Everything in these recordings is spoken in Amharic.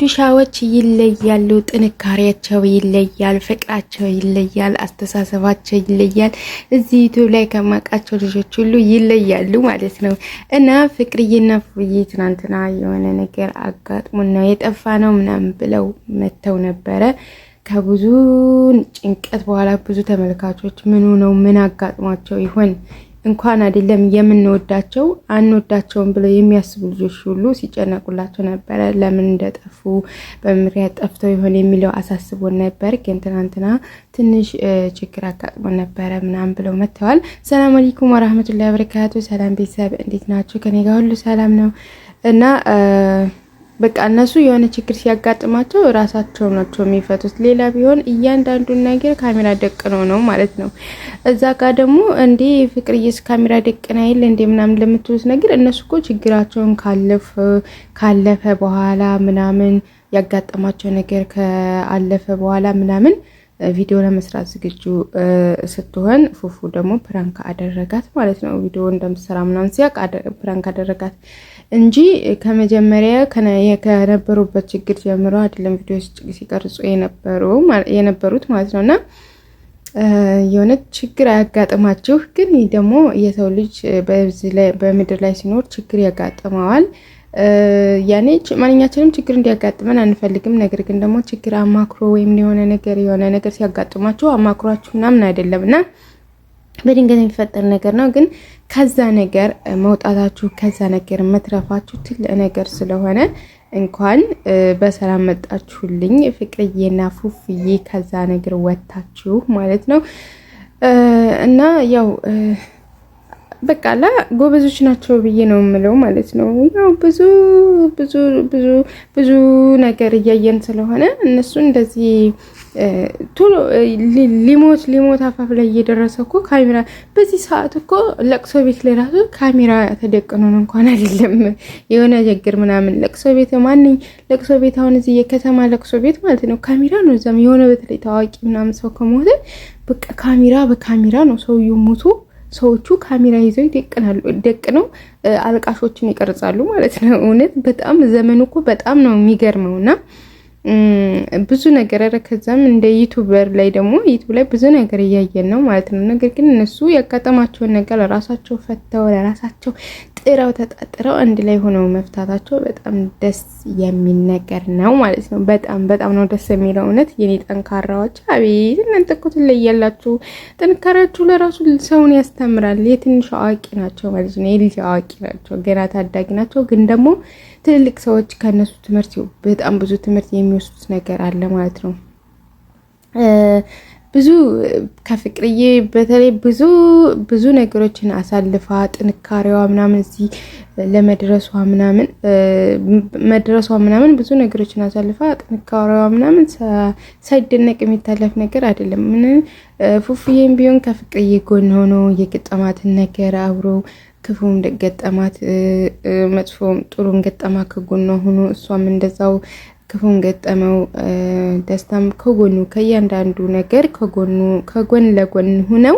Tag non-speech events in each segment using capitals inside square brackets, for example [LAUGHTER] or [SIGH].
ዱሻዎች ይለያሉ፣ ጥንካሬያቸው ይለያል፣ ፍቅራቸው ይለያል፣ አስተሳሰባቸው ይለያል። እዚህ ዩቱብ ላይ ከማውቃቸው ልጆች ሁሉ ይለያሉ ማለት ነው እና ፍቅርዬና ፉዬ ትናንትና የሆነ ነገር አጋጥሞን ነው የጠፋ ነው ምናምን ብለው መተው ነበረ ከብዙ ጭንቀት በኋላ ብዙ ተመልካቾች ምኑ ነው ምን አጋጥሟቸው ይሆን እንኳን አይደለም የምንወዳቸው አንወዳቸውም ብለው የሚያስቡ ልጆች ሁሉ ሲጨነቁላቸው ነበረ። ለምን እንደጠፉ በምክንያት ጠፍተው ይሆን የሚለው አሳስቦን ነበር። ግን ትናንትና ትንሽ ችግር አጋጥሞ ነበረ ምናምን ብለው መጥተዋል። ሰላም አለይኩም ወራህመቱላሂ ወበረካቱ። ሰላም ቤተሰብ እንዴት ናቸው? ከኔ ጋር ሁሉ ሰላም ነው እና በቃ እነሱ የሆነ ችግር ሲያጋጥማቸው ራሳቸው ናቸው የሚፈቱት። ሌላ ቢሆን እያንዳንዱን ነገር ካሜራ ደቅነው ነው ማለት ነው። እዛ ጋር ደግሞ እንዴ እየስ ካሜራ ደቅና ይል እንዴ ምናምን ለምትሉት ነገር እነሱ እኮ ችግራቸውን ካለፈ ካለፈ በኋላ ምናምን ያጋጠማቸው ነገር ከአለፈ በኋላ ምናምን ቪዲዮ ለመስራት ዝግጁ ስትሆን ፉፉ ደግሞ ፕራንክ አደረጋት ማለት ነው። ቪዲዮ እንደምትሰራ ምናምን ሲያቅ ፕራንክ አደረጋት እንጂ ከመጀመሪያ ከነበሩበት ችግር ጀምሮ አይደለም ቪዲዮ ሲቀርጹ የነበሩት ማለት ነው እና የሆነ ችግር አያጋጥማችሁ። ግን ደግሞ የሰው ልጅ በምድር ላይ ሲኖር ችግር ያጋጥመዋል። ያኔ ማንኛችንም ችግር እንዲያጋጥመን አንፈልግም። ነገር ግን ደግሞ ችግር አማክሮ ወይም የሆነ ነገር የሆነ ነገር ሲያጋጥማችሁ አማክሯችሁ ምናምን አይደለም እና በድንገት የሚፈጠር ነገር ነው። ግን ከዛ ነገር መውጣታችሁ ከዛ ነገር መትረፋችሁ ትልቅ ነገር ስለሆነ እንኳን በሰላም መጣችሁልኝ ፍቅርዬና ፉፍዬ ከዛ ነገር ወጥታችሁ ማለት ነው እና ያው በቃ ላ ጎበዞች ናቸው ብዬ ነው የምለው ማለት ነው። ያው ብዙ ብዙ ብዙ ብዙ ነገር እያየን ስለሆነ እነሱ እንደዚህ ቶሎ ሊሞት ሊሞት አፋፍ ላይ እየደረሰ እኮ ካሜራ በዚህ ሰዓት እኮ ለቅሶ ቤት ላይ ራሱ ካሜራ ተደቅኖን እንኳን አይደለም የሆነ ችግር ምናምን ለቅሶ ቤት ማንኝ ለቅሶ ቤት አሁን እዚህ የከተማ ለቅሶ ቤት ማለት ነው ካሜራ ነው። እዛም የሆነ በተለይ ታዋቂ ምናምን ሰው ከሞተ በቃ ካሜራ በካሜራ ነው ሰውየው ሞቱ ሰዎቹ ካሜራ ይዘው ይደቅናሉ ደቅነው አልቃሾችን ይቀርጻሉ ማለት ነው። እውነት በጣም ዘመኑ እኮ በጣም ነው የሚገርመው እና ብዙ ነገር ኧረ ከዛም እንደ ዩቱበር ላይ ደግሞ ዩቱብ ላይ ብዙ ነገር እያየን ነው ማለት ነው። ነገር ግን እነሱ ያጋጠማቸውን ነገር ለራሳቸው ፈተው ለራሳቸው ጥረው ተጣጥረው አንድ ላይ ሆነው መፍታታቸው በጣም ደስ የሚል ነገር ነው ማለት ነው። በጣም በጣም ነው ደስ የሚለው። እውነት የኔ ጠንካራዎች፣ አቤት እናንተ እኮ ትለያላችሁ። ጥንካሬያችሁ ለራሱ ሰውን ያስተምራል። የትንሽ አዋቂ ናቸው ማለት ነው። የልጅ አዋቂ ናቸው፣ ገና ታዳጊ ናቸው። ግን ደግሞ ትልልቅ ሰዎች ከእነሱ ትምህርት በጣም ብዙ ትምህርት የሚ የሚወስዱት ነገር አለ ማለት ነው። ብዙ ከፍቅርዬ በተለይ ብዙ ብዙ ነገሮችን አሳልፋ ጥንካሬዋ ምናምን እዚህ ለመድረሷ ምናምን መድረሷ ምናምን ብዙ ነገሮችን አሳልፋ ጥንካሬዋ ምናምን ሳይደነቅ የሚታለፍ ነገር አይደለም። ምን ፉፉዬም ቢሆን ከፍቅርዬ ጎን ሆኖ የገጠማትን ነገር አብሮ ክፉም ገጠማት፣ መጥፎም ጥሩም ገጠማ ከጎኗ ሆኖ እሷም እንደዛው ክፉን ገጠመው ደስታም ከጎኑ ከእያንዳንዱ ነገር ከጎኑ ከጎን ለጎን ሁነው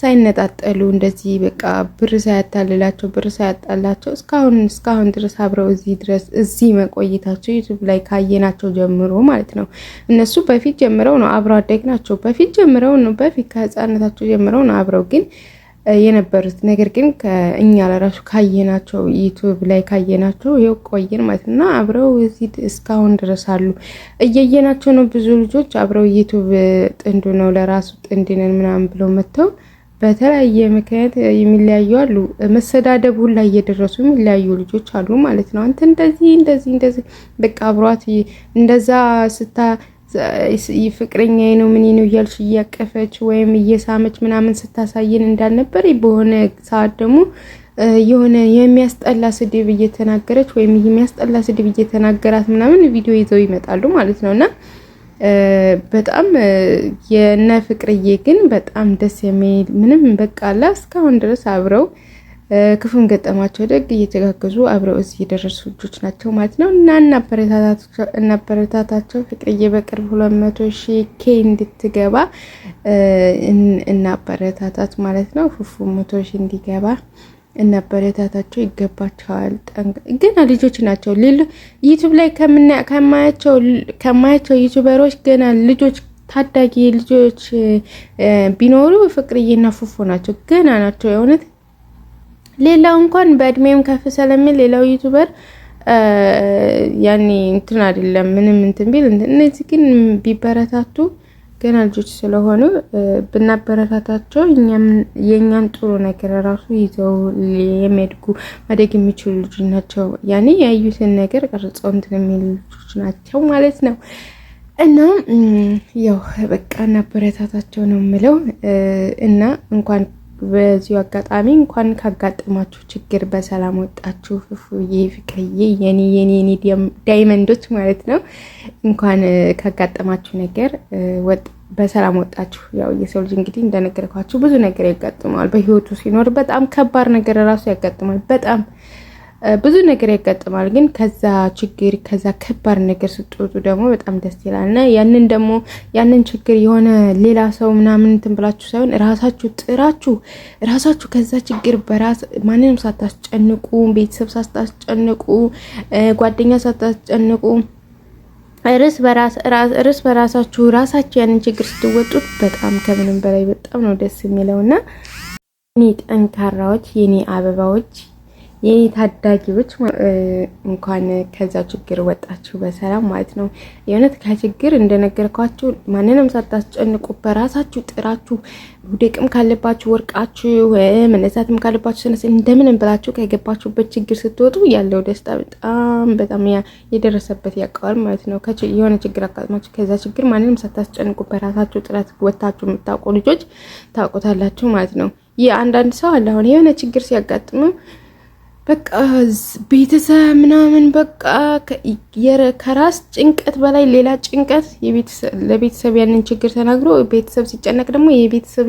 ሳይነጣጠሉ እንደዚህ በቃ ብር ሳያታልላቸው ብር ሳያጣላቸው እስካሁን እስካሁን ድረስ አብረው እዚህ ድረስ እዚህ መቆየታቸው ዩቱብ ላይ ካየናቸው ጀምሮ ማለት ነው። እነሱ በፊት ጀምረው ነው አብረው አደግ ናቸው። በፊት ጀምረው ነው በፊት ከህፃነታቸው ጀምረው ነው አብረው ግን የነበሩት ነገር ግን ከእኛ ለራሱ ካየናቸው ዩቱብ ላይ ካየናቸው ይኸው ቆየን ማለት እና አብረው እዚህ እስካሁን ድረስ አሉ። እያየናቸው ነው። ብዙ ልጆች አብረው ዩቱብ ጥንዱ ነው ለራሱ ጥንድነን ምናምን ብለው መጥተው በተለያየ ምክንያት የሚለያዩ አሉ። መሰዳደቡ ላይ እየደረሱ የሚለያዩ ልጆች አሉ ማለት ነው። አንተ እንደዚህ እንደዚህ እንደዚህ በቃ አብሯት እንደዛ ስታ ፍቅረኛ ነው ምን ነው እያልሽ እያቀፈች ወይም እየሳመች ምናምን ስታሳየን እንዳልነበር በሆነ ሰዓት ደግሞ የሆነ የሚያስጠላ ስድብ እየተናገረች ወይም የሚያስጠላ ስድብ እየተናገራት ምናምን ቪዲዮ ይዘው ይመጣሉ ማለት ነው እና በጣም የነ ፍቅርዬ ግን በጣም ደስ የሚል ምንም በቃላ እስካሁን ድረስ አብረው ክፉም ገጠማቸው ደግ እየተጋገዙ አብረው እዚህ የደረሱ ልጆች ናቸው ማለት ነው። እና እናበረታታቸው። ፍቅርዬ በቅርብ ሁለት መቶ ሺ ኬ እንድትገባ እናበረታታት ማለት ነው። ፉፉ መቶ ሺ እንዲገባ እናበረታታቸው። ይገባቸዋል። ገና ልጆች ናቸው። ዩቱብ ላይ ከማያቸው ዩቱበሮች ገና ልጆች ታዳጊ ልጆች ቢኖሩ ፍቅርዬና ፉፉ ናቸው። ገና ናቸው የእውነት ሌላው እንኳን በእድሜም ከፍ ስለሚል ሌላው ዩቱበር ያኔ እንትን አይደለም ምንም እንትን ቢል እነዚህ ግን ቢበረታቱ ገና ልጆች ስለሆኑ ብናበረታታቸው የእኛን ጥሩ ነገር ራሱ ይዘው የሚያድጉ ማደግ የሚችሉ ልጆች ናቸው። ያኔ ያዩትን ነገር ቀርጸው እንትን የሚሉ ልጆች ናቸው ማለት ነው። እና ያው በቃ እናበረታታቸው ነው የምለው እና እንኳን በዚሁ አጋጣሚ እንኳን ካጋጠማችሁ ችግር በሰላም ወጣችሁ። ፍፉዬ፣ ፍቅርዬ የኔ የኔ የኔ ዳይመንዶች ማለት ነው። እንኳን ካጋጠማችሁ ነገር በሰላም ወጣችሁ። ያው የሰው ልጅ እንግዲህ እንደነገርኳችሁ ብዙ ነገር ያጋጥመዋል በህይወቱ ሲኖር፣ በጣም ከባድ ነገር ራሱ ያጋጥማል በጣም ብዙ ነገር ያጋጥማል። ግን ከዛ ችግር ከዛ ከባድ ነገር ስትወጡ ደግሞ በጣም ደስ ይላል እና ያንን ደግሞ ያንን ችግር የሆነ ሌላ ሰው ምናምን እንትን ብላችሁ ሳይሆን ራሳችሁ ጥራችሁ ራሳችሁ ከዛ ችግር በራስ ማንንም ሳታስጨንቁ፣ ቤተሰብ ሳታስጨንቁ፣ ጓደኛ ሳታስጨንቁ እርስ በራሳችሁ ራሳችሁ ያንን ችግር ስትወጡት በጣም ከምንም በላይ በጣም ነው ደስ የሚለው እና የኔ ጠንካራዎች የኔ አበባዎች የኔ ታዳጊዎች እንኳን ከዛ ችግር ወጣችሁ በሰላም ማለት ነው። የእውነት ከችግር እንደነገርኳችሁ ማንንም ሳታስጨንቁ በራሳችሁ ጥራችሁ ውደቅም ካለባችሁ ወርቃችሁ መነሳትም ካለባችሁ ስነስ እንደምንም ብላችሁ ከገባችሁበት ችግር ስትወጡ ያለው ደስታ በጣም በጣም የደረሰበት ያውቀዋል ማለት ነው። የሆነ ችግር አጋጥማችሁ ከዛ ችግር ማንንም ሳታስጨንቁ በራሳችሁ ጥረት ወታችሁ የምታውቁ ልጆች ታውቁታላችሁ ማለት ነው። ይህ አንዳንድ ሰው አለ አሁን የሆነ ችግር ሲያጋጥመው በቃ ቤተሰብ ምናምን በቃ ከራስ ጭንቀት በላይ ሌላ ጭንቀት ለቤተሰብ ያንን ችግር ተናግሮ ቤተሰብ ሲጨነቅ ደግሞ የቤተሰብ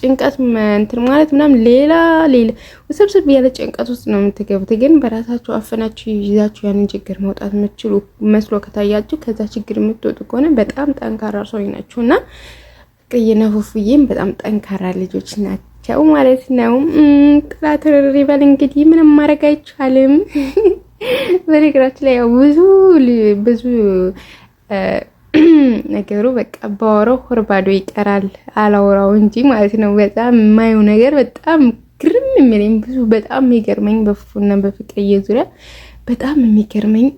ጭንቀት እንትን ማለት ምናምን ሌላ ሌላ ውስብስብ ያለ ጭንቀት ውስጥ ነው የምትገቡት። ግን በራሳችሁ አፈናችሁ ይዛችሁ ያንን ችግር መውጣት የምትችሉ መስሎ ከታያችሁ ከዛ ችግር የምትወጡ ከሆነ በጣም ጠንካራ ሰው ናችሁ እና ቅይና ፉፉዬም በጣም ጠንካራ ልጆች ናቸው። ናቸው ማለት ነው። ጥላት ርር እንግዲህ ምንም ማድረግ አይቻልም። [LAUGHS] በነገራችን ላይ ያው ብዙ ብዙ [CLEARS THROAT] ነገሩ በቃ ባወራው ሆርባዶ ይቀራል አላወራው እንጂ ማለት ነው። በጣም የማየው ነገር በጣም ግርም የሚለኝ ብዙ በጣም የሚገርመኝ በፉና በፍቅርዬ ዙሪያ በጣም የሚገርመኝ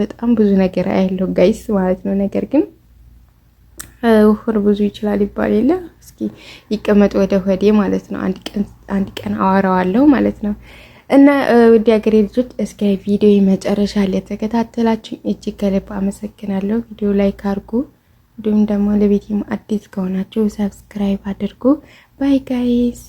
በጣም ብዙ ነገር አያለው ጋይስ ማለት ነው ነገር ግን ብዙ ይችላል ይባል የለ እስኪ ይቀመጥ ወደ ሆዴ ማለት ነው። አንድ ቀን አወራዋለሁ ማለት ነው። እና ውድ ሀገሬ ልጆች እስከ ቪዲዮ መጨረሻ ለተከታተላችሁ እጅግ ከልብ አመሰግናለሁ። ቪዲዮ ላይክ አድርጉ፣ እንዲሁም ደግሞ ለቤቴም አዲስ ከሆናችሁ ሰብስክራይብ አድርጉ። ባይ ጋይስ